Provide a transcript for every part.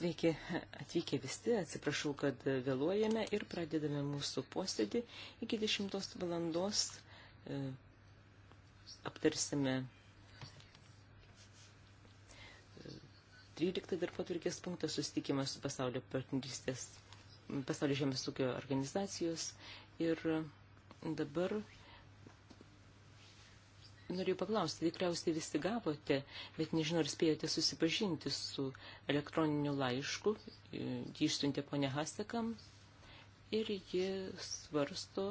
Sveiki atvykę visi, atsiprašau, kad vėluojame ir pradedame mūsų posėdį. Iki 10 valandos e, aptarsime 13 e, darbo turkės punktą susitikimą su pasaulio partnerystės, pasaulio žemės ūkio organizacijos ir dabar norėjau paklausti, tikriausiai visi gavote, bet nežinau, ar spėjote susipažinti su elektroniniu laišku, jį išsiuntė ponė Hasekam ir ji svarsto,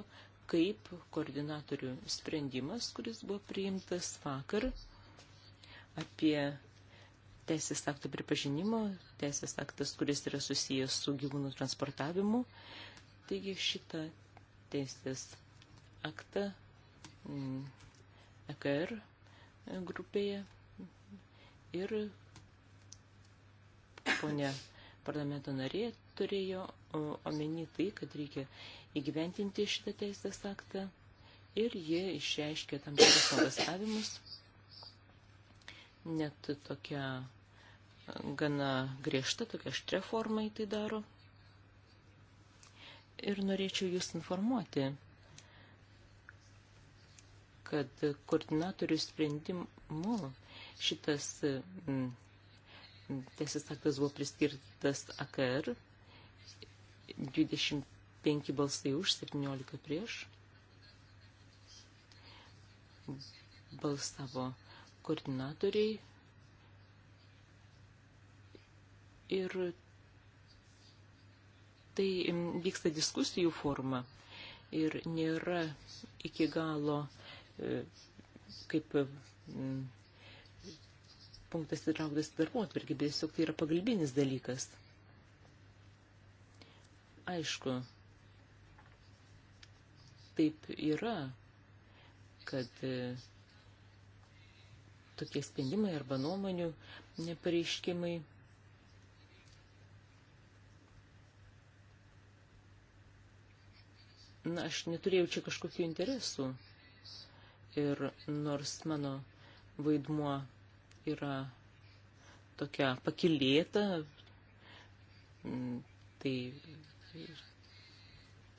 kaip koordinatorių sprendimas, kuris buvo priimtas vakar apie teisės aktų pripažinimo, teisės aktas, kuris yra susijęs su gyvūnų transportavimu. Taigi šitą teisės aktą mm, EKR grupėje ir ponia parlamento narė turėjo omeny tai, kad reikia įgyventinti šitą teisės aktą ir jie išreiškė tam tikrus nuogastavimus, net tokia gana griežta, tokia štre forma tai daro. Ir norėčiau jūs informuoti, kad koordinatorių sprendimu šitas mm, teisės aktas buvo priskirtas AKR, 25 balsai už, 17 prieš. Balsavo koordinatoriai ir tai mm, vyksta diskusijų forma ir nėra iki galo uh, kaip mm, punktas įtrauktas į darbo atvirkį, bet tiesiog tai yra pagalbinis dalykas. Aišku, taip yra, kad e, tokie sprendimai arba nuomonių pareiškimai Na, aš neturėjau čia kažkokių interesų ir nors mano vaidmuo yra tokia pakilėta, tai,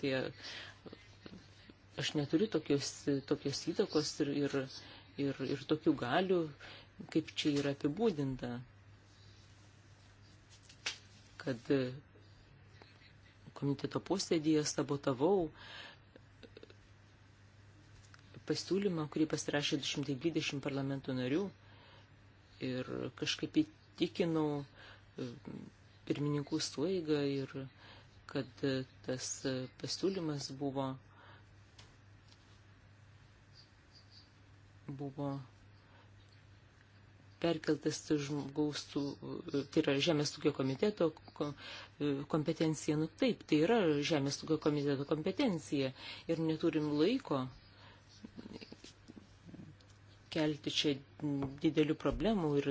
tai aš neturiu tokios, tokios įtakos ir, ir, ir, ir tokių galių, kaip čia yra apibūdinta, kad komiteto posėdėje sabotavau uh, pasiūlymą, kurį pasirašė 220 parlamentų narių ir kažkaip įtikinau e, pirmininkų suėgą ir kad e, tas e, pasiūlymas buvo, buvo perkeltas žmogaus, tai yra Žemės ūkio komiteto kompetencija. Nu taip, tai yra Žemės ūkio komiteto kompetencija ir neturim laiko kelti čia didelių problemų ir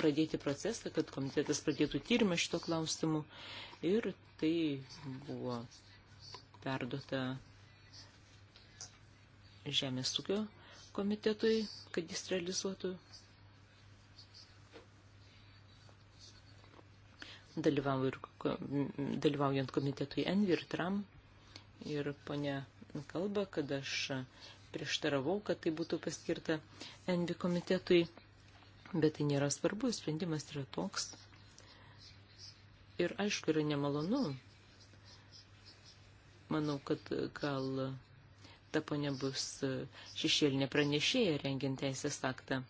pradėti procesą, kad komitetas pradėtų tyrimą šito klausimu. Ir tai buvo perduota Žemės ūkio komitetui, kad jis realizuotų. Dalyvau ir, dalyvaujant komitetui Envi ir Tram ir ponia kalbą, kad aš prieštaravau, kad tai būtų paskirta NB komitetui, bet tai nėra svarbu, sprendimas yra toks. Ir aišku, yra nemalonu. Manau, kad gal ta ponia bus šešėlinė pranešėja rengiant teisės aktą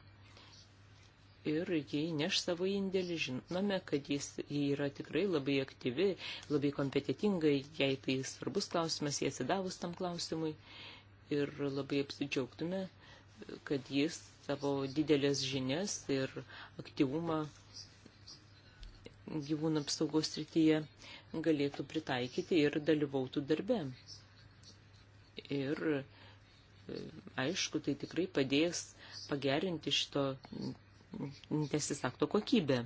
ir jie neš savo indėlį. Žinome, kad jis, jie yra tikrai labai aktyvi, labai kompetitinga, jei tai svarbus klausimas, jie atsidavus tam klausimui ir labai apsidžiaugtume, kad jis savo didelės žinias ir aktyvumą gyvūnų apsaugos srityje galėtų pritaikyti ir dalyvautų darbe. Ir e, aišku, tai tikrai padės pagerinti šito teisės akto kokybė.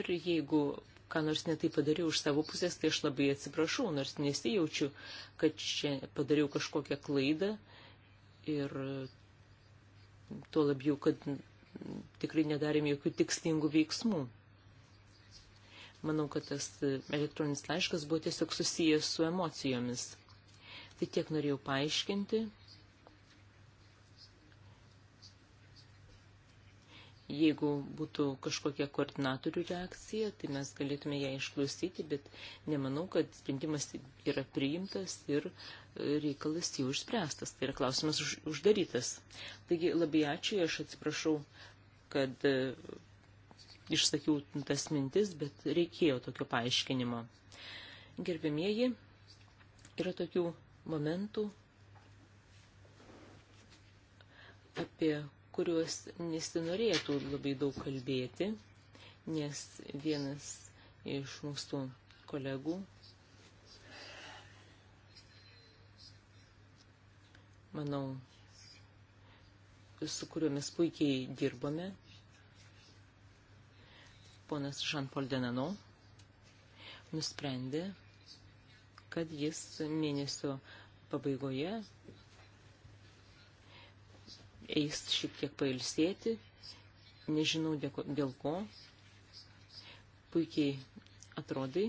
Ir jeigu ką nors netai padariau už savo pusės, tai aš labai atsiprašau, nors nesijaučiu, kad čia padariau kažkokią klaidą ir tuo labiau, kad tikrai nedarėm jokių tikslingų veiksmų. Manau, kad tas elektroninis laiškas buvo tiesiog susijęs su emocijomis. Tai tiek norėjau paaiškinti jeigu būtų kažkokia koordinatorių reakcija, tai mes galėtume ją išklausyti, bet nemanau, kad sprendimas yra priimtas ir reikalas jau išspręstas. Tai yra klausimas už, uždarytas. Taigi labai ačiū, aš atsiprašau, kad e, išsakiau tas mintis, bet reikėjo tokio paaiškinimo. Gerbėmieji, yra tokių momentų, apie kuriuos nesinorėtų labai daug kalbėti, nes vienas iš mūsų kolegų manau, su kuriuo mes puikiai dirbame, ponas Jean-Paul Denano, nusprendė, kad jis mėnesio pabaigoje eis šiek tiek pailsėti, nežinau dėko, dėl ko, puikiai atrodai.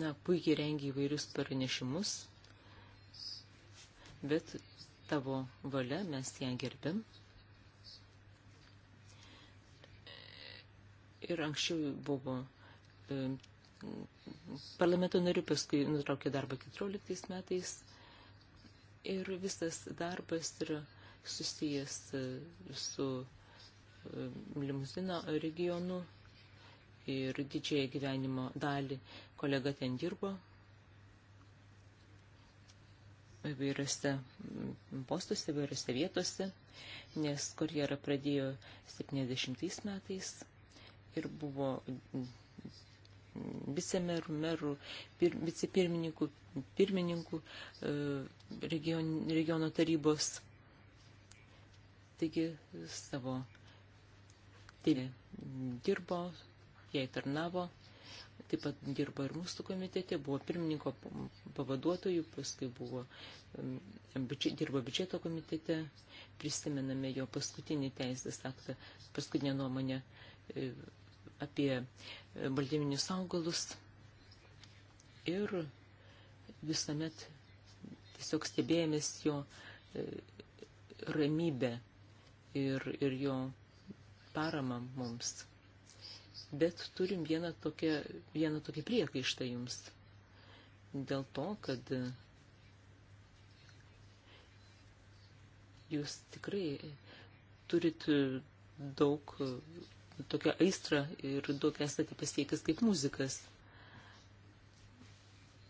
Na, puikiai rengia įvairius pranešimus, bet tavo valia mes ją gerbėm. Ir anksčiau buvo parlamento nariu, paskui nutraukė darbą 14 metais. Ir visas darbas yra susijęs e, su e, limuzino regionu ir didžiąją gyvenimo dalį kolega ten dirbo įvairiose postuose, įvairiose vietose, nes karjerą pradėjo 70 metais ir buvo vicemerų, merų, pir, vicepirmininkų, pirmininkų e, region, regiono tarybos. Taigi savo tėvė dirbo, jai tarnavo, taip pat dirbo ir mūsų komitete, buvo pirmininko pavaduotojų, paskui buvo, dirbo biudžeto komitete, prisimename jo paskutinį teisės aktą, paskutinę nuomonę e, apie e, baltyminius augalus ir visuomet tiesiog stebėjomės jo e, ramybę ir, ir jo paramą mums. Bet turim vieną tokią, vieną tokį priekaištą jums. Dėl to, kad e, jūs tikrai turit daug tokią aistrą ir daug esate pasiekęs kaip muzikas.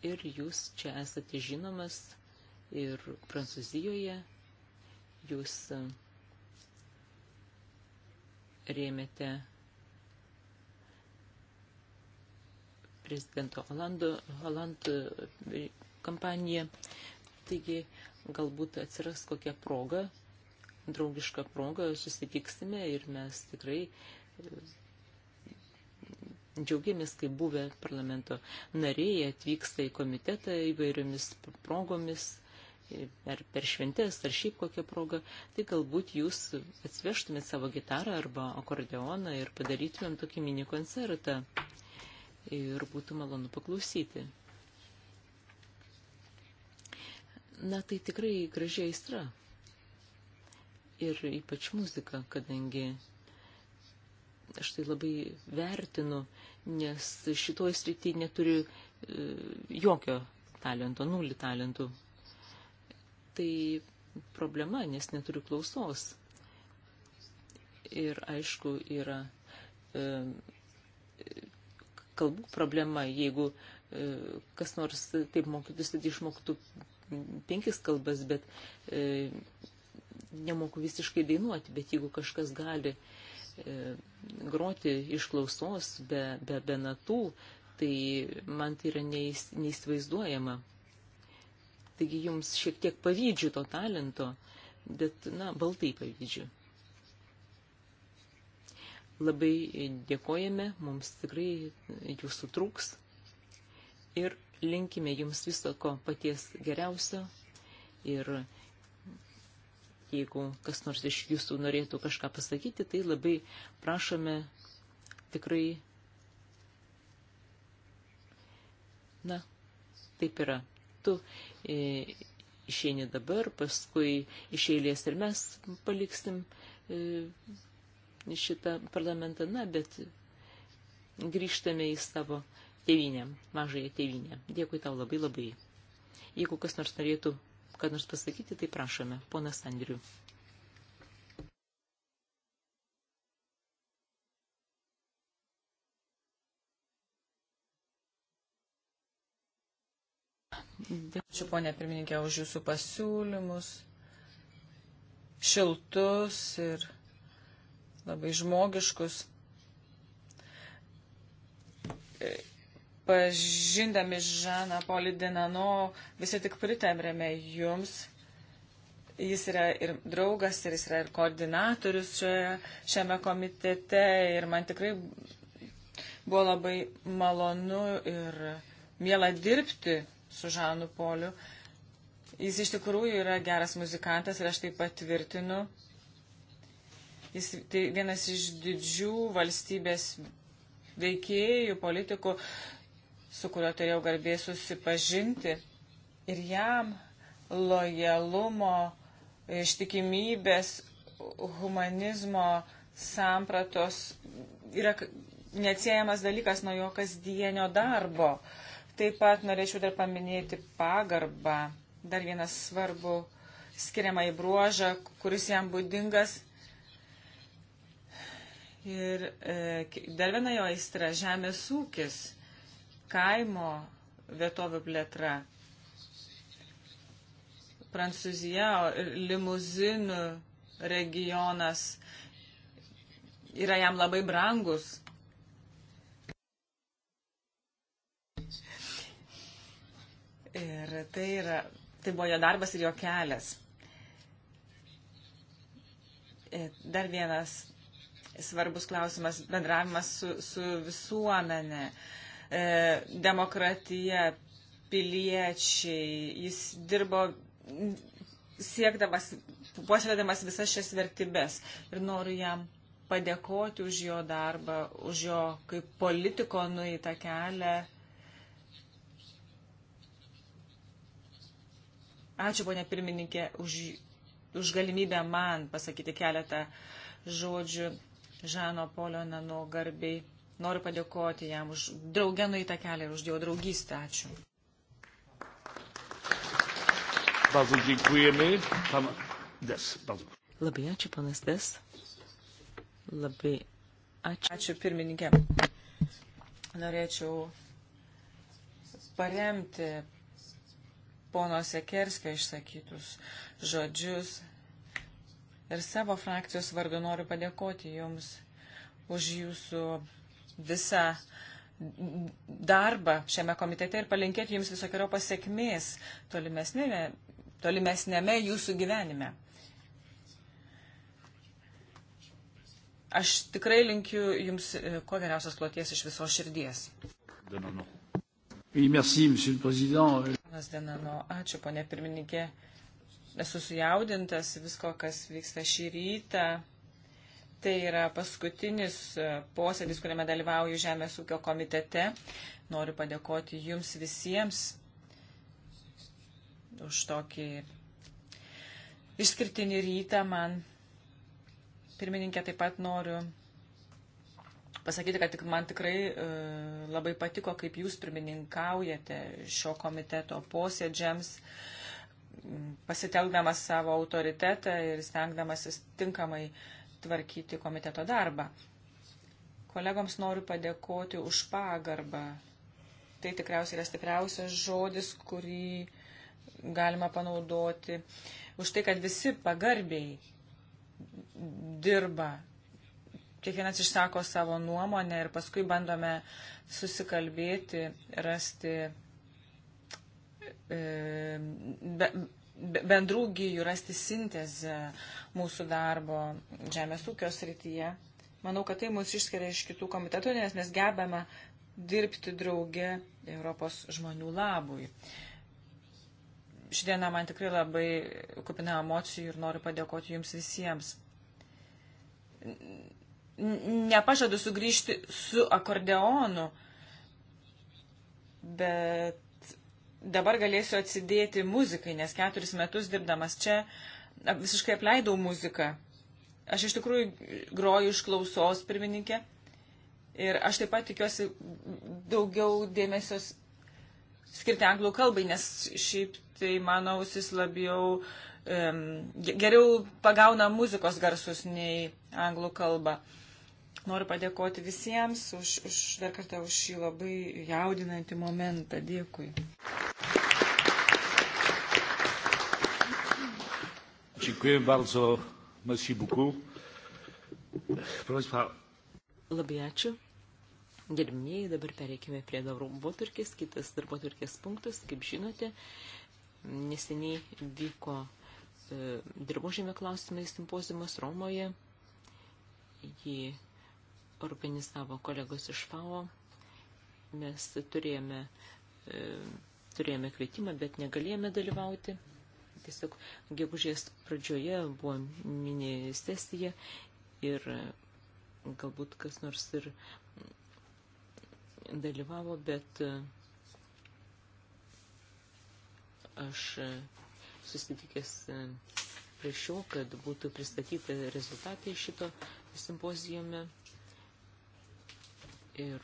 Ir jūs čia esate žinomas ir Prancūzijoje. Jūs e, rėmėte prezidento Holando, Holand e, kampaniją. Taigi galbūt atsiras kokia proga, draugiška proga, susitiksime ir mes tikrai džiaugiamės, kai buvę parlamento nariai atvyksta į komitetą įvairiomis progomis, ar per šventės, ar šiaip kokią progą, tai galbūt jūs atsvežtumėt savo gitarą arba akordeoną ir padarytumėm tokį mini koncertą. Ir būtų malonu paklausyti. Na, tai tikrai gražiai aistra. Ir ypač muzika, kadangi Aš tai labai vertinu, nes šitoj srityje neturiu e, jokio talento, nulį talentų. Tai problema, nes neturiu klausos. Ir aišku, yra e, kalbų problema, jeigu e, kas nors taip mokytųsi, tai išmoktų penkis kalbas, bet e, nemoku visiškai dainuoti, bet jeigu kažkas gali e, E, groti iš klausos be, be, be natų, tai man tai yra neįs, neįsivaizduojama. Taigi jums šiek tiek pavydžių to talento, bet, na, baltai pavydžių. Labai dėkojame, mums tikrai jūsų trūks ir linkime jums viso ko paties geriausio ir Jeigu kas nors iš jūsų norėtų kažką pasakyti, tai labai prašome tikrai. Na, taip yra. Tu e, išeini dabar, paskui iš eilės ir mes paliksim e, šitą parlamentą, na, bet grįžtame į savo tėvinę, mažąją tėvinę. Dėkui tau labai labai. Jeigu kas nors norėtų ką nors pasakyti, tai prašome. Ponas Andriu. Ačiū, ponė pirmininkė, už jūsų pasiūlymus, šiltus ir labai žmogiškus. Pažindami Žaną Polį Denano, visi tik pritemrėme jums. Jis yra ir draugas, ir jis yra ir koordinatorius šioje, šiame komitete. Ir man tikrai buvo labai malonu ir miela dirbti su Žanu Poliu. Jis iš tikrųjų yra geras muzikantas ir aš tai patvirtinu. Jis tai vienas iš didžių valstybės veikėjų, politikų, su kuriuo turėjau garbė susipažinti. Ir jam lojalumo, ištikimybės, humanizmo sampratos yra neatsiejamas dalykas nuo jo kasdienio darbo. Taip pat norėčiau dar paminėti pagarbą, dar vienas svarbu skiriamą į bruožą, kuris jam būdingas. Ir e, dar viena jo aistra - žemės ūkis kaimo vietovių plėtra. Prancūzija, limuzinų regionas yra jam labai brangus. Ir tai, yra, tai buvo jo darbas ir jo kelias. Ir dar vienas svarbus klausimas - bendravimas su, su visuomenė. Uh, e, demokratija, piliečiai. Jis dirbo siekdamas, puoselėdamas visas šias vertybės. Ir noriu jam padėkoti už jo darbą, už jo kaip politiko nueitą kelią. Ačiū, ponė pirmininkė, už, už galimybę man pasakyti keletą žodžių Žano Polio Nano garbiai. Noriu padėkoti jam už draugę nueitą kelią ir už jo draugystę. Ačiū. Bardzo dziękujemy. Pan Des, bardzo. Labai ačiū, panas Des. Labai ačiū. Ačiū pirmininkė. Norėčiau paremti pono Sekerskio išsakytus žodžius ir savo frakcijos vardu noriu padėkoti jums už jūsų visą darbą šiame komitete ir palinkėti jums visokiojo pasiekmės tolimesnėme, tolimesnėme jūsų gyvenime. Aš tikrai linkiu jums e, kuo geriausios kloties iš viso širdies. Denano. Oui, merci, monsieur le président. Denano. Ačiū, ponė pirmininkė. Esu sujaudintas visko, kas vyksta šį rytą. Tai yra paskutinis e, posėdis, kuriame dalyvauju Žemės ūkio komitete. Noriu padėkoti jums visiems už tokį išskirtinį rytą man. Pirmininkė taip pat noriu pasakyti, kad tik man tikrai e, labai patiko, kaip jūs pirmininkaujate šio komiteto posėdžiams, pasitelkdamas savo autoritetą ir stengdamasis tinkamai tvarkyti komiteto darbą. Kolegoms noriu padėkoti už pagarbą. Tai tikriausiai yra stipriausias žodis, kurį galima panaudoti. Už tai, kad visi pagarbiai dirba. Kiekvienas išsako savo nuomonę ir paskui bandome susikalbėti, rasti, e, be, bendrų gyjų, rasti sintezę mūsų darbo žemės ūkio srityje. Manau, kad tai mus išskiria iš kitų komitetų, nes mes gebame dirbti drauge Europos žmonių labui. Ši diena man tikrai labai kupina emocijų ir noriu padėkoti jums visiems. Nepažadu sugrįžti su akordeonu, bet dabar galėsiu atsidėti muzikai, nes keturis metus dirbdamas čia visiškai apleidau muziką. Aš iš tikrųjų groju iš klausos pirmininkė ir aš taip pat tikiuosi daugiau dėmesio skirti anglų kalbai, nes šiaip tai mano ausis labiau um, geriau pagauna muzikos garsus nei anglų kalbą. Noriu padėkoti visiems už, už dar kartą už šį labai jaudinantį momentą. Dėkui. Dziękuję bardzo. Merci beaucoup. Labai ačiū. Gerbimieji, dabar pereikime prie darbotvarkės. Kitas darbotvarkės punktas, kaip žinote, neseniai vyko e, dirbožėme klausimai simpozimas Romoje. Jį organizavo kolegos iš FAO. Mes turėjome, e, turėjome kvietimą, bet negalėjome dalyvauti tiesiog gegužės pradžioje buvo mini sesija ir galbūt kas nors ir dalyvavo, bet e, aš susitikęs e, prie šio, kad būtų pristatyti rezultatai šito simpozijome. Ir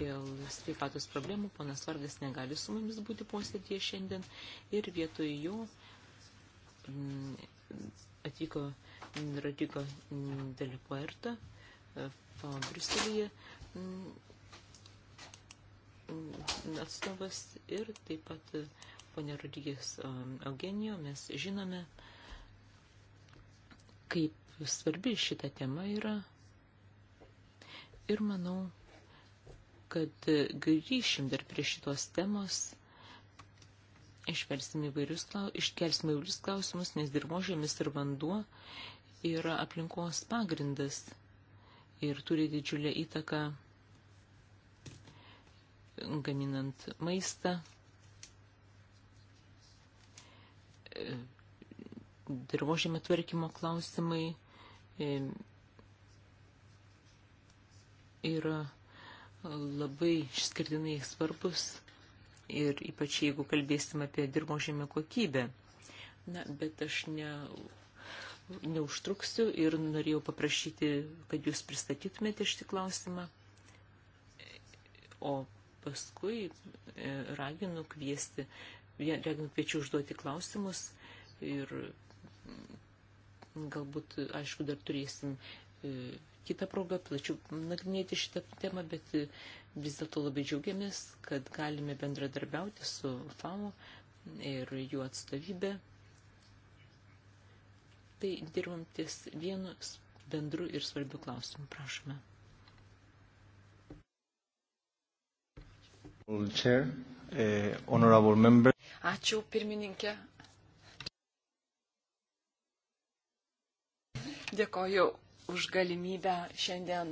dėl sveikatos problemų. Ponas Vargas negali su mumis būti posėdėje šiandien ir vietoj jo mm, atvyko Rodrigo Delipuerta e, Briuselėje mm, mm, atstovas ir taip pat ponė Rodrygės e, Eugenijo, mes žinome, kaip svarbi šita tema yra. Ir manau, kad grįšim dar prie šitos temos, išversim įvairius, iškelsim įvairius klausimus, nes dirbožėmis ir vanduo yra aplinkos pagrindas ir turi didžiulę įtaką gaminant maistą, dirbožėmio tvarkymo klausimai yra labai išskirtinai svarbus ir ypač jeigu kalbėsim apie dirbožėmio kokybę. Na, bet aš ne, neužtruksiu ir norėjau paprašyti, kad jūs pristatytumėte šį klausimą. O paskui e, raginu kviesti, raginu kviečiu užduoti klausimus ir mm, galbūt, aišku, dar turėsim e, kitą progą plačiau nagrinėti šitą temą, bet e, vis dėlto labai džiaugiamės, kad galime bendradarbiauti su FAMO ir jų atstovybė. Tai dirbam ties vienu bendru ir svarbiu klausimu. Prašome. Chair, eh, honorable member. Ačiū pirmininkė. Dėkoju už galimybę šiandien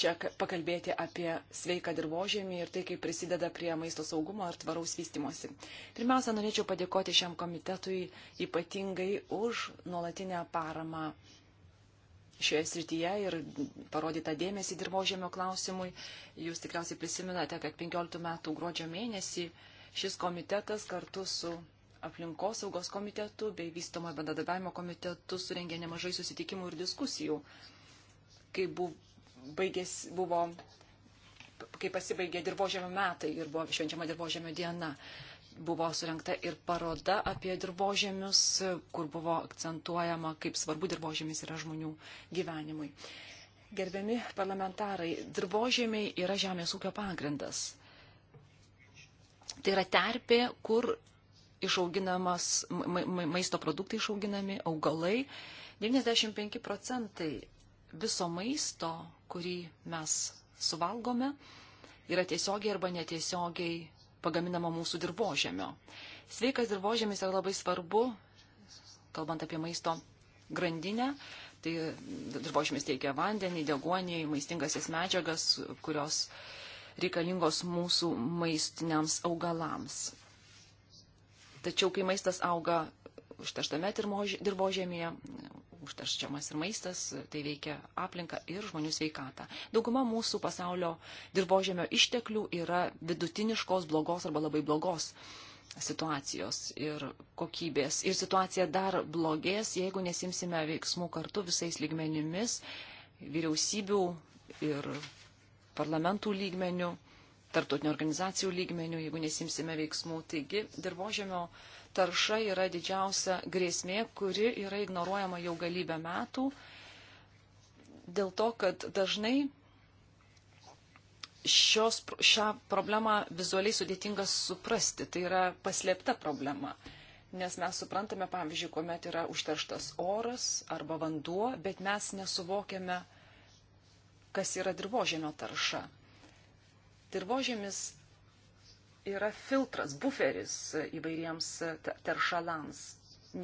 čia pakalbėti apie sveiką dirbožėmį ir tai, kaip prisideda prie maisto saugumo ir tvaraus vystimosi. Pirmiausia, norėčiau padėkoti šiam komitetui ypatingai už nuolatinę paramą šioje srityje ir parodytą dėmesį dirbožėmio klausimui. Jūs tikriausiai prisiminate, kad 15 metų gruodžio mėnesį šis komitetas kartu su aplinkosaugos komitetu bei vystomo bendradarbiavimo komitetu surengė nemažai susitikimų ir diskusijų, kai buv, baigės, buvo, kai pasibaigė dirbožėmio metai ir buvo švenčiama dirbožėmio diena. Buvo surinkta ir paroda apie dirbožėmius, kur buvo akcentuojama, kaip svarbu dirbožėmis yra žmonių gyvenimui. Gerbiami parlamentarai, dirbožėmiai yra žemės ūkio pagrindas. Tai yra terpė, kur išauginamas, ma ma maisto produktai išauginami, augalai. 95 procentai viso maisto, kurį mes suvalgome, yra tiesiogiai arba netiesiogiai pagaminama mūsų dirbožėmio. Sveikas dirbožėmis yra labai svarbu, kalbant apie maisto grandinę. Tai dirbožėmis teikia vandenį, degonį, maistingasias medžiagas, kurios reikalingos mūsų maistiniams augalams. Tačiau, kai maistas auga užterštame dirbožėmėje, užterščiamas ir maistas, tai veikia aplinką ir žmonių sveikatą. Dauguma mūsų pasaulio dirbožėmio išteklių yra vidutiniškos, blogos arba labai blogos situacijos ir kokybės. Ir situacija dar blogės, jeigu nesimsime veiksmų kartu visais lygmenimis, vyriausybių ir parlamentų lygmenių tarptautinių organizacijų lygmenių, jeigu nesimsime veiksmų. Taigi dirbožėmio tarša yra didžiausia grėsmė, kuri yra ignoruojama jau galybę metų, dėl to, kad dažnai šios, šią problemą vizualiai sudėtinga suprasti, tai yra paslėpta problema. Nes mes suprantame, pavyzdžiui, kuomet yra užterštas oras arba vanduo, bet mes nesuvokiame, kas yra dirbožėmio tarša dirbožėmis yra filtras, buferis įvairiems teršalams,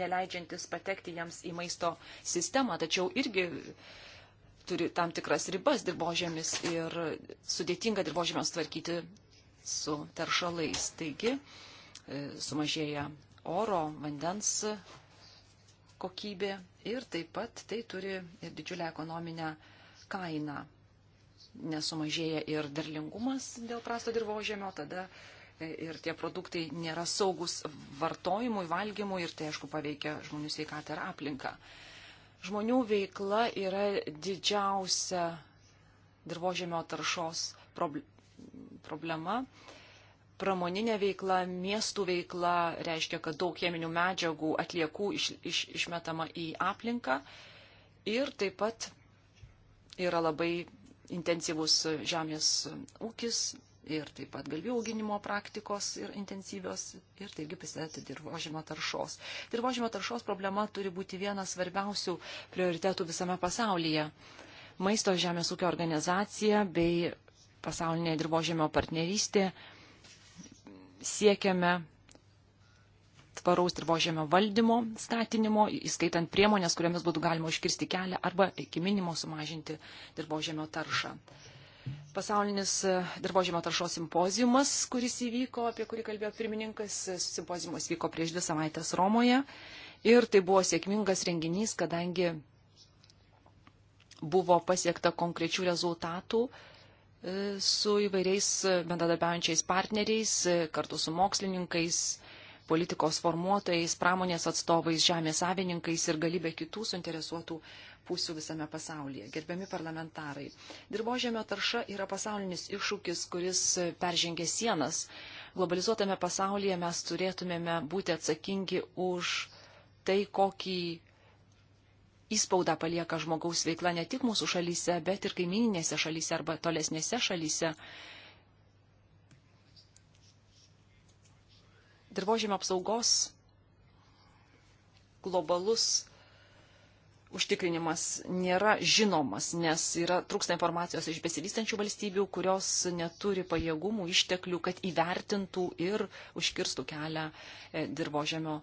neleidžiantis patekti jiems į maisto sistemą, tačiau irgi turi tam tikras ribas dirbožėmis ir sudėtinga dirbožėmiams tvarkyti su teršalais. Taigi e, sumažėja oro, vandens kokybė ir taip pat tai turi ir didžiulę ekonominę kainą nesumažėja ir derlingumas dėl prasto dirbožėmio, tada e, ir tie produktai nėra saugus vartojimui, valgymui ir tai, aišku, paveikia žmonių sveikatą ir aplinką. Žmonių veikla yra didžiausia dirbožėmio taršos problema. Pramoninė veikla, miestų veikla reiškia, kad daug cheminių medžiagų atliekų iš, iš, išmetama į aplinką ir taip pat yra labai intensyvus žemės ūkis ir taip pat galvijų auginimo praktikos ir intensyvios ir taigi prisidėti dirbožimo taršos. Dirbožimo taršos problema turi būti vienas svarbiausių prioritetų visame pasaulyje. Maisto žemės ūkio organizacija bei pasaulinė dirbožėmio partnerystė siekiame tvaraus dirbožėmio valdymo statinimo, įskaitant priemonės, kuriamis būtų galima užkirsti kelią arba iki minimo sumažinti dirbožėmio taršą. Pasaulinis e, dirbožėmio taršos simpozijumas, kuris įvyko, apie kurį kalbėjo pirmininkas, e, simpozijumas vyko prieš dvi savaitės Romoje ir tai buvo sėkmingas renginys, kadangi buvo pasiekta konkrečių rezultatų e, su įvairiais bendradarbiaujančiais partneriais, kartu su mokslininkais, politikos formuotojais, pramonės atstovais, žemės savininkais ir galybė kitų suinteresuotų pusių visame pasaulyje. Gerbiami parlamentarai, dirbožėmio tarša yra pasaulinis iššūkis, kuris peržengia sienas. Globalizuotame pasaulyje mes turėtumėme būti atsakingi už tai, kokį įspaudą palieka žmogaus veikla ne tik mūsų šalyse, bet ir kaimininėse šalyse arba tolesnėse šalyse. dirbožėmio apsaugos globalus užtikrinimas nėra žinomas, nes yra trūksta informacijos iš besivystančių valstybių, kurios neturi pajėgumų, išteklių, kad įvertintų ir užkirstų kelią e, dirbožėmio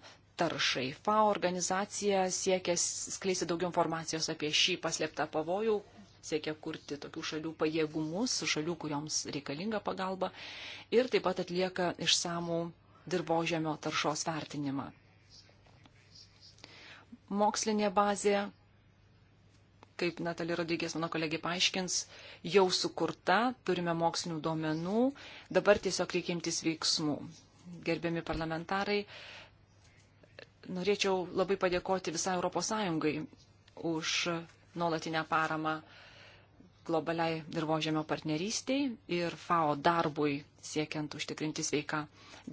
taršai. FAO organizacija siekia skleisti daugiau informacijos apie šį paslėptą pavojų, siekia kurti tokių šalių pajėgumus, šalių, kurioms reikalinga pagalba ir taip pat atlieka išsamų dirbožėmio taršos vertinimą. Mokslinė bazė, kaip Natalija Rodrygės, mano kolegė, paaiškins, jau sukurta, turime mokslinių duomenų, dabar tiesiog reikia imtis veiksmų. Gerbiami parlamentarai, norėčiau labai padėkoti visai ES už nuolatinę paramą globaliai dirbožėmio partnerystiai ir FAO darbui siekiant užtikrinti sveiką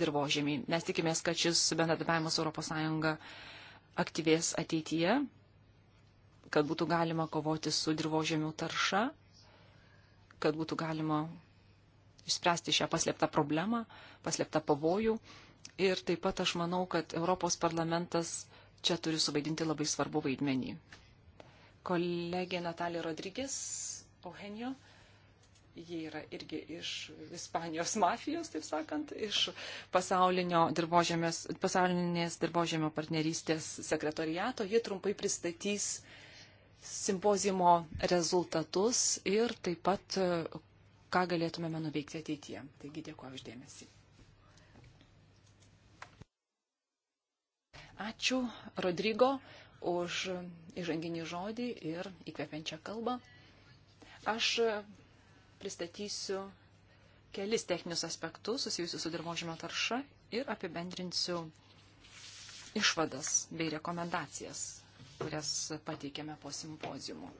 dirbožėmį. Mes tikimės, kad šis bendradarbiavimas ES aktyvės ateityje, kad būtų galima kovoti su dirbožėmių tarša, kad būtų galima išspręsti šią paslėptą problemą, paslėptą pavojų. Ir taip pat aš manau, kad Europos parlamentas čia turi suvaidinti labai svarbu vaidmenį. Kolegė Natalija Rodrygis Ohenio. Jie yra irgi iš Ispanijos mafijos, taip sakant, iš pasaulinės dirbožėmio partnerystės sekretoriato. Jie trumpai pristatys simpozimo rezultatus ir taip pat, ką galėtumėme nuveikti ateityje. Taigi dėkuoju uždėmesį. Ačiū, Rodrygo, už įžanginį žodį ir įkvepiančią kalbą. Aš pristatysiu kelis techninius aspektus susijusius su dirbožymio tarša ir apibendrinsiu išvadas bei rekomendacijas, kurias pateikėme po simpozijumu.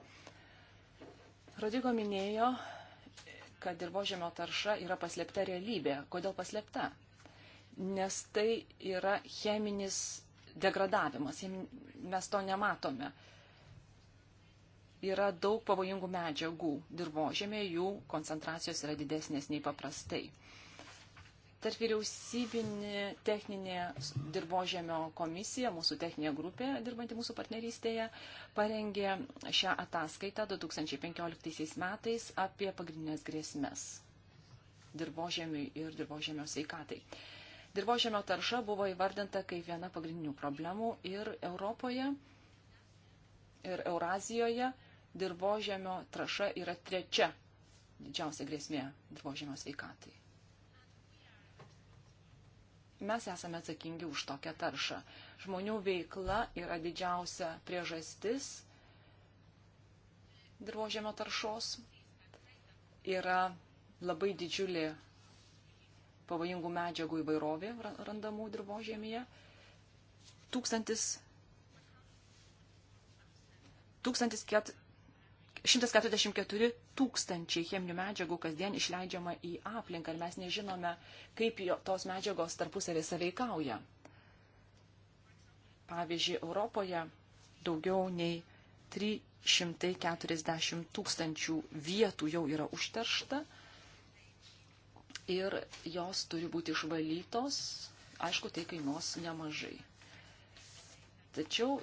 Rodigo minėjo, kad dirbožėmio tarša yra paslėpta realybė. Kodėl paslėpta? Nes tai yra cheminis degradavimas, mes to nematome yra daug pavojingų medžiagų dirbožėmė, jų koncentracijos yra didesnės nei paprastai. Tarp vyriausybinė techninė dirbožėmio komisija, mūsų techninė grupė, dirbanti mūsų partnerystėje, parengė šią ataskaitą 2015 metais apie pagrindinės grėsmės dirbožėmiui ir dirbožėmio sveikatai. Dirbožėmio tarša buvo įvardinta kaip viena pagrindinių problemų ir Europoje, ir Eurazijoje dirbožėmio traša yra trečia didžiausia grėsmė dirbožėmio sveikatai. Mes esame atsakingi už tokią taršą. Žmonių veikla yra didžiausia priežastis dirbožėmio taršos. Yra labai didžiulė pavojingų medžiagų įvairovė randamų dirbožėmėje. Tūkstantis 1400 144 tūkstančiai cheminių medžiagų kasdien išleidžiama į aplinką ir mes nežinome, kaip tos medžiagos tarpusavį saveikauja. Pavyzdžiui, Europoje daugiau nei 340 tūkstančių vietų jau yra užteršta ir jos turi būti išvalytos. Aišku, tai kainuos nemažai. Tačiau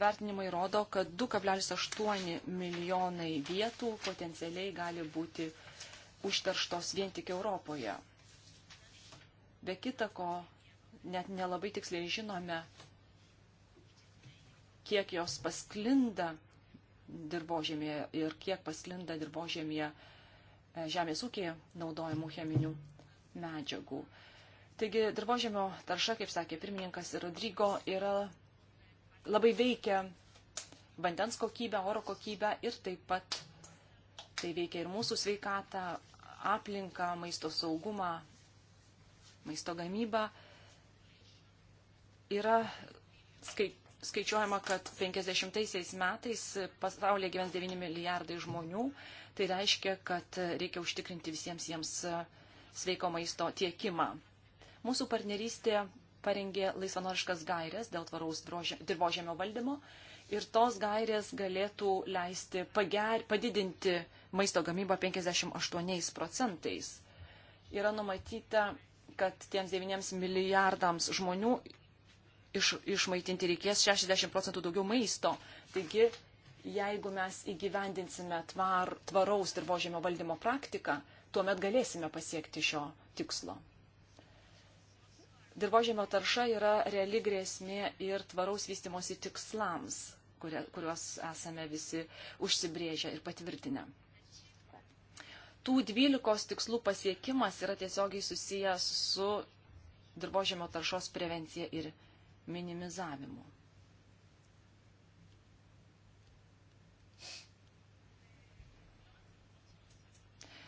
vertinimai rodo, kad 2,8 milijonai vietų potencialiai gali būti užterštos vien tik Europoje. Be kita ko, net nelabai tiksliai žinome, kiek jos pasklinda dirbožėmėje ir kiek pasklinda dirbožėmėje e, žemės ūkėje naudojamų cheminių medžiagų. Taigi dirbožėmio tarša, kaip sakė pirmininkas Rodrygo, yra labai veikia vandens kokybę, oro kokybę ir taip pat tai veikia ir mūsų sveikatą, aplinką, maisto saugumą, maisto gamybą. Yra skai, skaičiuojama, kad 50 metais pasaulyje gyvens 9 milijardai žmonių. Tai reiškia, kad reikia užtikrinti visiems jiems sveiko maisto tiekimą. Mūsų partnerystė parengė laisvanoriškas gairės dėl tvaraus dirbožėmio valdymo ir tos gairės galėtų leisti pager, padidinti maisto gamybą 58 procentais. Yra numatyta, kad tiems 9 milijardams žmonių iš, išmaitinti reikės 60 procentų daugiau maisto. Taigi, jeigu mes įgyvendinsime tvar, tvaraus dirbožėmio valdymo praktiką, tuomet galėsime pasiekti šio tikslo dirbožėmio tarša yra reali grėsmė ir tvaraus vystimosi tikslams, kuriuos esame visi užsibrėžę ir patvirtinę. Tų dvylikos tikslų pasiekimas yra tiesiogiai susijęs su dirbožėmio taršos prevencija ir minimizavimu.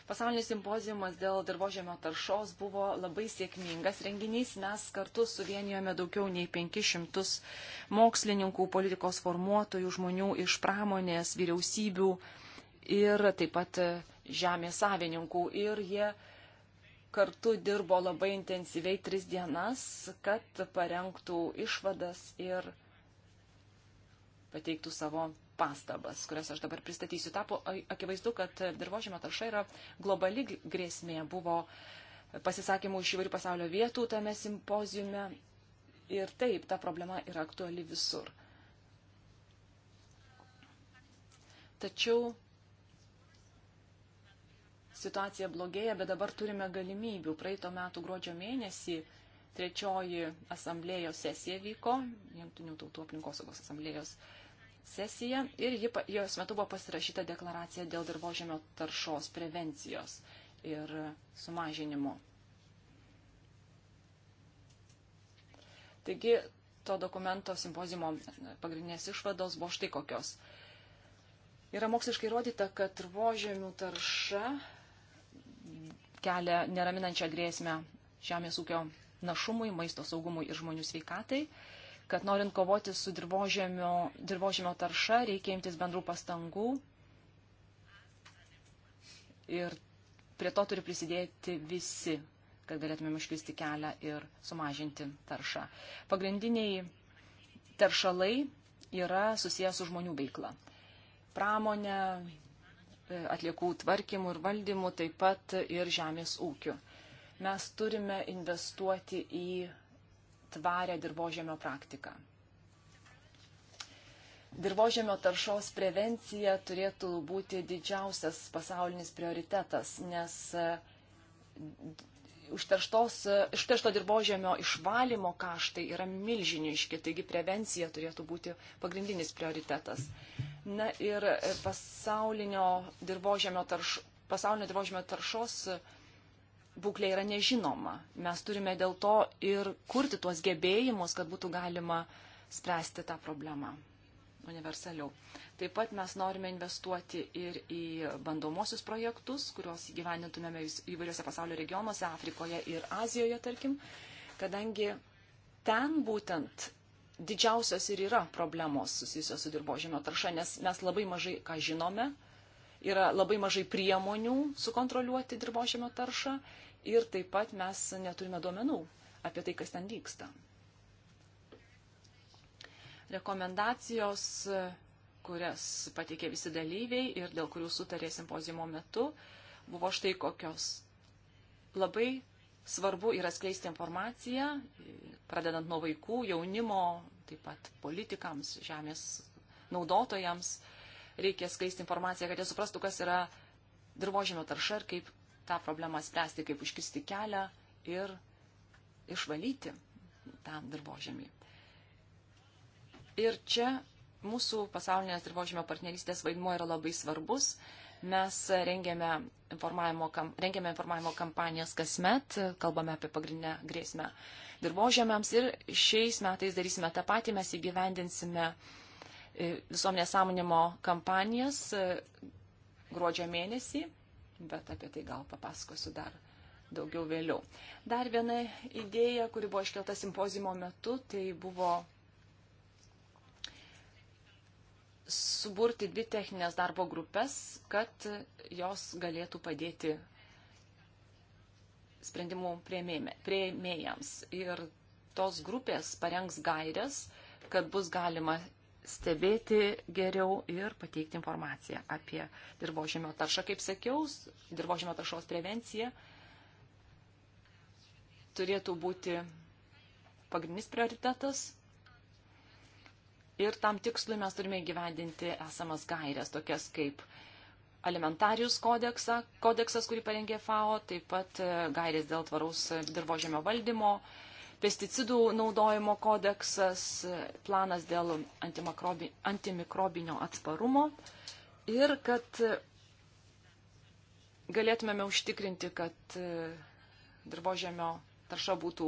Pasaulinis simpozijumas dėl dirbožėmio taršos buvo labai sėkmingas renginys. Mes kartu suvienijome daugiau nei 500 mokslininkų, politikos formuotojų, žmonių iš pramonės, vyriausybių ir taip pat žemės savininkų. Ir jie kartu dirbo labai intensyviai tris dienas, kad parengtų išvadas ir pateiktų savo pastabas, kurias aš dabar pristatysiu. Tapo akivaizdu, kad dirbožėmio tarša yra globali grėsmė. Buvo pasisakymų iš įvairių pasaulio vietų tame simpozijume. Ir taip, ta problema yra aktuali visur. Tačiau situacija blogėja, bet dabar turime galimybių. Praeito metų gruodžio mėnesį trečioji asamblėjos sesija vyko, Junktinių tautų aplinkosaugos asamblėjos sesija sesiją ir ji, jos metu buvo pasirašyta deklaracija dėl dirbožėmio taršos prevencijos ir sumažinimo. Taigi to dokumento simpozimo pagrindinės išvados buvo štai kokios. Yra moksliškai įrodyta, kad dirbožėmių tarša kelia neraminančią grėsmę žemės ūkio našumui, maisto saugumui ir žmonių sveikatai kad norint kovoti su dirbožėmio, dirbožėmio tarša, reikia imtis bendrų pastangų ir prie to turi prisidėti visi, kad galėtumėm iškvisti kelią ir sumažinti taršą. Pagrindiniai teršalai yra susijęs su žmonių veikla. Pramonė, e, atliekų tvarkymų ir valdymų, taip pat ir žemės ūkiu. Mes turime investuoti į tvarę dirbožėmio praktiką. Dirbožėmio taršos prevencija turėtų būti didžiausias pasaulinis prioritetas, nes e, e, užteršto dirbožėmio išvalymo kaštai yra milžiniški, taigi prevencija turėtų būti pagrindinis prioritetas. Na ir e, pasaulinio dirbožėmio, tarš, pasaulinio dirbožėmio taršos būklė yra nežinoma. Mes turime dėl to ir kurti tuos gebėjimus, kad būtų galima spręsti tą problemą universaliau. Taip pat mes norime investuoti ir į bandomosius projektus, kuriuos gyvenintumėme įvairiose pasaulio regionuose, Afrikoje ir Azijoje, tarkim, kadangi ten būtent didžiausios ir yra problemos susijusios su dirbožėmio tarša, nes mes labai mažai ką žinome yra labai mažai priemonių sukontroliuoti dirbožėmio taršą ir taip pat mes neturime duomenų apie tai, kas ten vyksta. Rekomendacijos, kurias pateikė visi dalyviai ir dėl kurių sutarė simpozimo metu, buvo štai kokios. Labai svarbu yra skleisti informaciją, pradedant nuo vaikų, jaunimo, taip pat politikams, žemės naudotojams, reikia skleisti informaciją, kad jie suprastų, kas yra dirbožėmio tarša ir kaip tą problemą spręsti, kaip užkisti kelią ir išvalyti tą dirbožėmį. Ir čia mūsų pasaulinės dirbožėmio partnerystės vaidmuo yra labai svarbus. Mes rengėme informavimo, rengėme informavimo kampanijas kasmet, kalbame apie pagrindinę grėsmę dirbožėmiams ir šiais metais darysime tą patį, mes įgyvendinsime uh, E, visuomenės sąmonimo kampanijas e, gruodžio mėnesį, bet apie tai gal papasakosiu dar daugiau vėliau. Dar viena idėja, kuri buvo iškelta simpozimo metu, tai buvo suburti dvi techninės darbo grupės, kad jos galėtų padėti sprendimų prieimėjams. Ir tos grupės parengs gairias, kad bus galima stebėti geriau ir pateikti informaciją apie dirbožėmio taršą. Kaip sakiau, dirbožėmio taršos prevencija turėtų būti pagrindinis prioritetas. Ir tam tikslui mes turime įgyvendinti esamas gairias, tokias kaip alimentarius kodeksą, kodeksas, kurį parengė FAO, taip pat e, gairės dėl tvaraus e, dirbožėmio valdymo, uh, pesticidų naudojimo kodeksas, planas dėl antimikrobinio atsparumo ir kad galėtumėme užtikrinti, kad e, dirbožėmio tarša būtų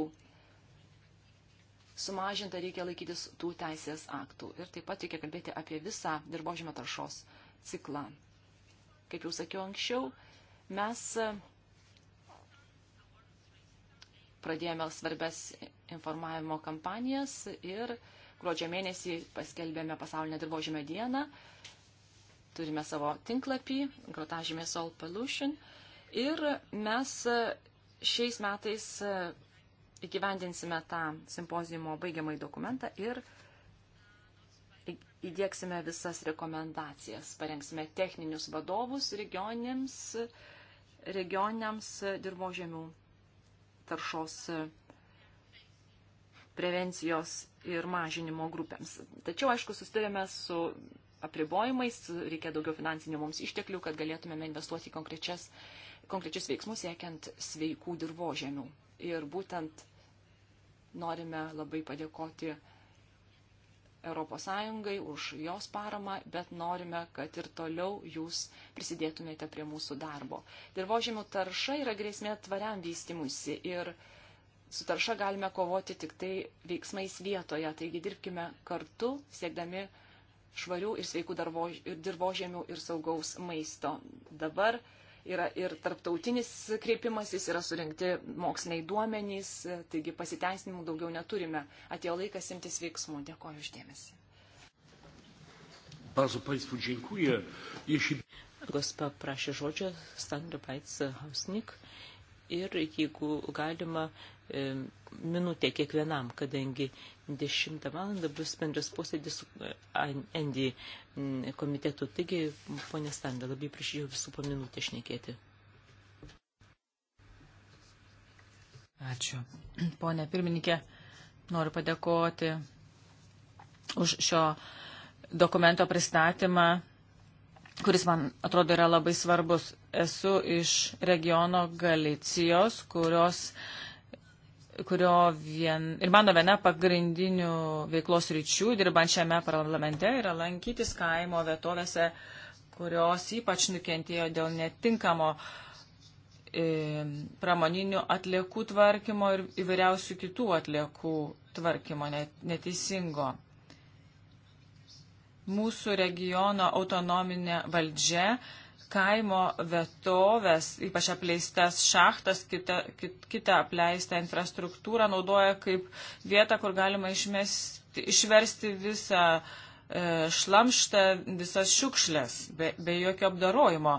sumažinta, reikia laikytis tų teisės aktų. Ir taip pat reikia kalbėti apie visą dirbožėmio taršos ciklą. Kaip jau sakiau anksčiau, mes pradėjome svarbes informavimo kampanijas ir gruodžio mėnesį paskelbėme pasaulinę dirbožėmę dieną. Turime savo tinklapį, grotažymė Soul Pollution. Ir mes šiais metais įgyvendinsime tą simpozijumo baigiamąjį dokumentą ir įdėksime visas rekomendacijas, parengsime techninius vadovus regioniams, regioniams dirbožėmių taršos prevencijos ir mažinimo grupėms. Tačiau, aišku, susidurėme su apribojimais, reikia daugiau finansinių mums išteklių, kad galėtumėme investuoti konkrečias, konkrečius veiksmus siekiant sveikų dirbožemių. Ir būtent norime labai padėkoti ES už jos paramą, bet norime, kad ir toliau jūs prisidėtumėte prie mūsų darbo. Dirbožėmių tarša yra grėsmė tvariam vystimusi ir su tarša galime kovoti tik tai veiksmais vietoje, taigi dirbkime kartu, siekdami švarių ir sveikų dirbožėmių ir saugaus maisto. Dabar yra ir tarptautinis kreipimasis, yra surinkti moksliniai duomenys, taigi pasiteisinimų daugiau neturime. Atėjo laikas imtis veiksmų. Dėkoju uždėmesi. Bardzo Państwu dziękuję. Jeśli... Gospa prašė žodžio Sandra Paits Hausnik ir jeigu galima E, minutė kiekvienam, kadangi 10 valandą bus bendras posėdis su e, Andy komitetu. Taigi, ponė Standa, labai prašyčiau visų po minutę šnekėti. Ačiū. Pone pirmininkė, noriu padėkoti už šio dokumento pristatymą, kuris man atrodo yra labai svarbus. Esu iš regiono Galicijos, kurios uh, kurio vien, ir mano viena pagrindinių veiklos ryčių dirbant šiame parlamente yra lankytis kaimo vietovėse, kurios ypač nukentėjo dėl netinkamo e, pramoninių atliekų tvarkymo ir įvairiausių kitų atliekų tvarkymo net, neteisingo. Mūsų regiono autonominė valdžia kaimo vietovės, ypač apleistas šachtas, kitą, kit, kitą apleistą infrastruktūrą naudoja kaip vietą, kur galima išmesti, išversti visą e, šlamštą, visas šiukšlės, be, be jokio apdarojimo.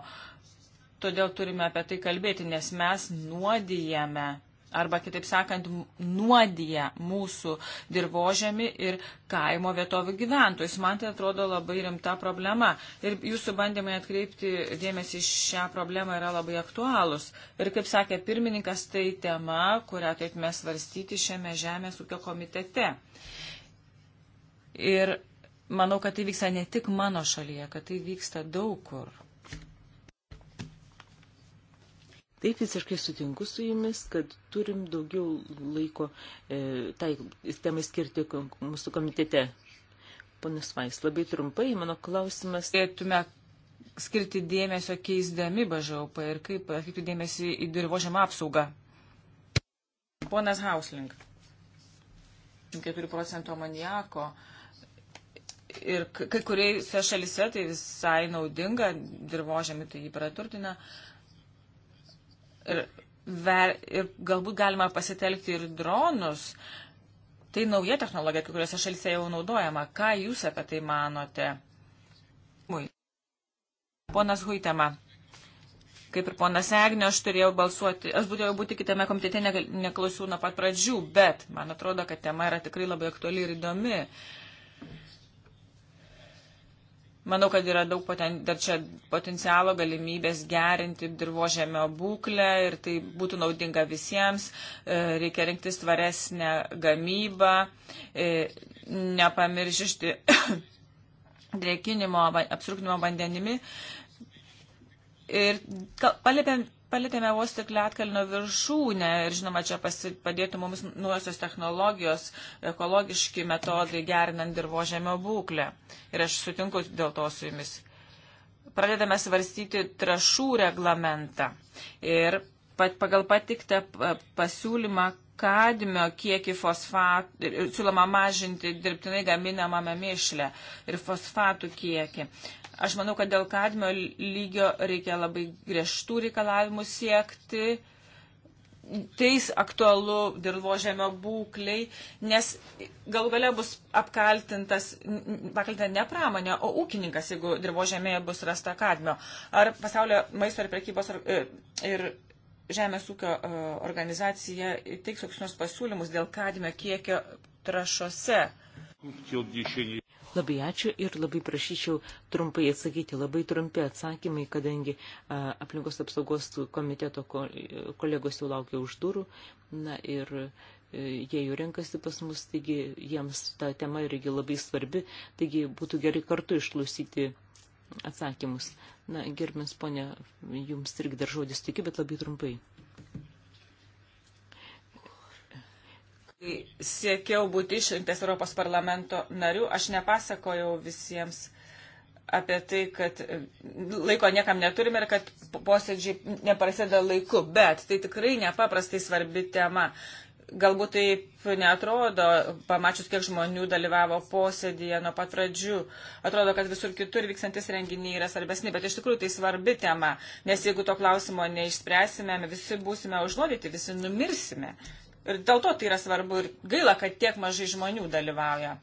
Todėl turime apie tai kalbėti, nes mes nuodijame arba kitaip sakant, nuodija mūsų dirbožėmi ir kaimo vietovių gyventojus. Man tai atrodo labai rimta problema. Ir jūsų bandymai atkreipti dėmesį šią problemą yra labai aktualūs. Ir kaip sakė pirmininkas, tai tema, kurią taip mes svarstyti šiame Žemės ūkio komitete. Ir manau, kad tai vyksta ne tik mano šalyje, kad tai vyksta daug kur. Taip visiškai sutinku su jumis, kad turim daugiau laiko e, tai temai skirti mūsų komitete. Ponas Vais, labai trumpai, mano klausimas. Turėtume skirti dėmesio keisdami BŽOP ir kaip atkreipti dėmesį į dirbožėmą apsaugą. Ponas Hausling, 4 procento manijako ir kai kuriuose šalise tai visai naudinga, dirbožėmi tai jį praturtina. E, ir, ver, ir galbūt galima pasitelkti ir dronus. Tai nauja technologija, kai kuriuose šalyse jau naudojama. Ką jūs apie tai manote? Ui. Ponas Huitema, kaip ir ponas Egnė, aš turėjau balsuoti, aš būdėjau būti kitame komitete, neklausiau nuo pat pradžių, bet man atrodo, kad tema yra tikrai labai aktuali ir įdomi. Uh, Manau, kad yra daug poten, dar čia potencialo galimybės gerinti dirbožėmio būklę ir tai būtų naudinga visiems. E, reikia rinktis tvaresnę gamybą, e, nepamiršti drėkinimo, apsirūpinimo vandenimi. Ir palėpėm palėtėme vos tik Lietkalnio viršūnę ir žinoma, čia padėtų mums nuosios technologijos, ekologiški metodai gerinant dirbožėmio būklę. Ir aš sutinku dėl to su jumis. Pradedame svarstyti trašų reglamentą ir pat, pagal patiktą pasiūlymą kadmio kiekį fosfatų, siūloma mažinti dirbtinai gaminamame mišle ir fosfatų kiekį. Aš manau, kad dėl kadmio lygio reikia labai griežtų reikalavimų siekti. Teis aktualu dirbožėmio būkliai, nes galų gale bus apkaltintas, pakaltinta ne pramonė, o ūkininkas, jeigu dirbožėmėje bus rasta kadmio. Ar pasaulio maisto ir prekybos ir, ir Žemės ūkio e, organizacija teiks kokius nors pasiūlymus dėl kadmio kiekio trašose. Labai ačiū ir labai prašyčiau trumpai atsakyti, labai trumpi atsakymai, kadangi a, e, aplinkos apsaugos komiteto ko, kolegos jau laukia už durų. Na ir e, jie jau renkasi pas mus, taigi jiems ta tema irgi labai svarbi, taigi būtų gerai kartu išklausyti atsakymus. Na, gerbimas ponė, jums irgi dar žodis tiki, bet labai trumpai. Kai siekiau būti išrinktas Europos parlamento nariu, aš nepasakojau visiems apie tai, kad e, laiko niekam neturime ir kad posėdžiai neprasideda laiku, bet tai tikrai nepaprastai svarbi tema galbūt taip netrodo, pamačius, kiek žmonių dalyvavo posėdėje nuo pat pradžių. Atrodo, kad visur kitur vykstantis renginiai yra svarbesni, bet iš tikrųjų tai svarbi tema, nes jeigu to klausimo neišspręsime, visi būsime užnuodyti, visi numirsime. Ir dėl to tai yra svarbu ir gaila, kad tiek mažai žmonių dalyvauja.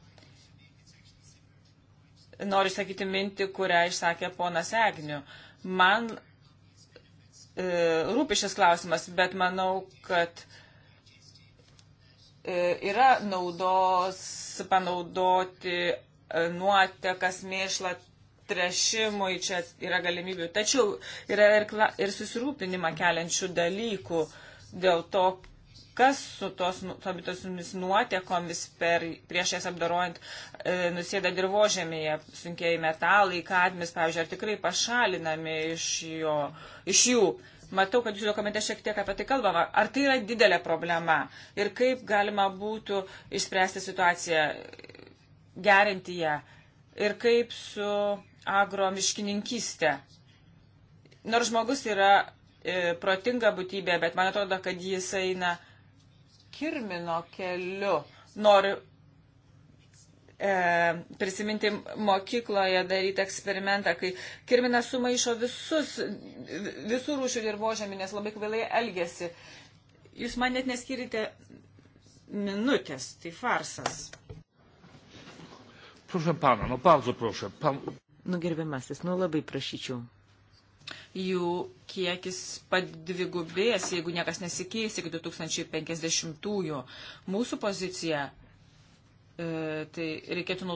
Noriu sakyti mintį, kurią išsakė ponas Egniu. Man e, rūpi šis klausimas, bet manau, kad e, E, yra naudos panaudoti e, nuotekas, mėšlą trešimui, čia yra galimybių. Tačiau yra ir, ir susirūpinimą keliančių dalykų dėl to, kas su tos, nu, tomis nuotekomis per, prieš jas apdarojant e, nusėda dirbožėmėje, sunkiai metalai, kadmis, pavyzdžiui, ar tikrai pašalinami iš, jo, iš jų. E, Matau, kad jūsų dokumente šiek tiek apie tai kalbama. Ar tai yra didelė problema ir kaip galima būtų išspręsti situaciją, gerinti ją ir kaip su agromiškininkystė. Nors žmogus yra e, protinga būtybė, bet man atrodo, kad jis eina kirmino keliu. Noriu E, prisiminti mokykloje daryti eksperimentą, kai kirminas sumaišo visus, visų rūšių dirbožėmį, nes labai kvailai elgesi. Jūs man net neskirite minutės, tai farsas. Proszę pana, no bardzo proszę. Pan... Nu gerbiamasis, nu labai prašyčiau. Jų kiekis padvigubės, jeigu niekas nesikeis iki 2050-ųjų. Mūsų pozicija E, tai reikėtų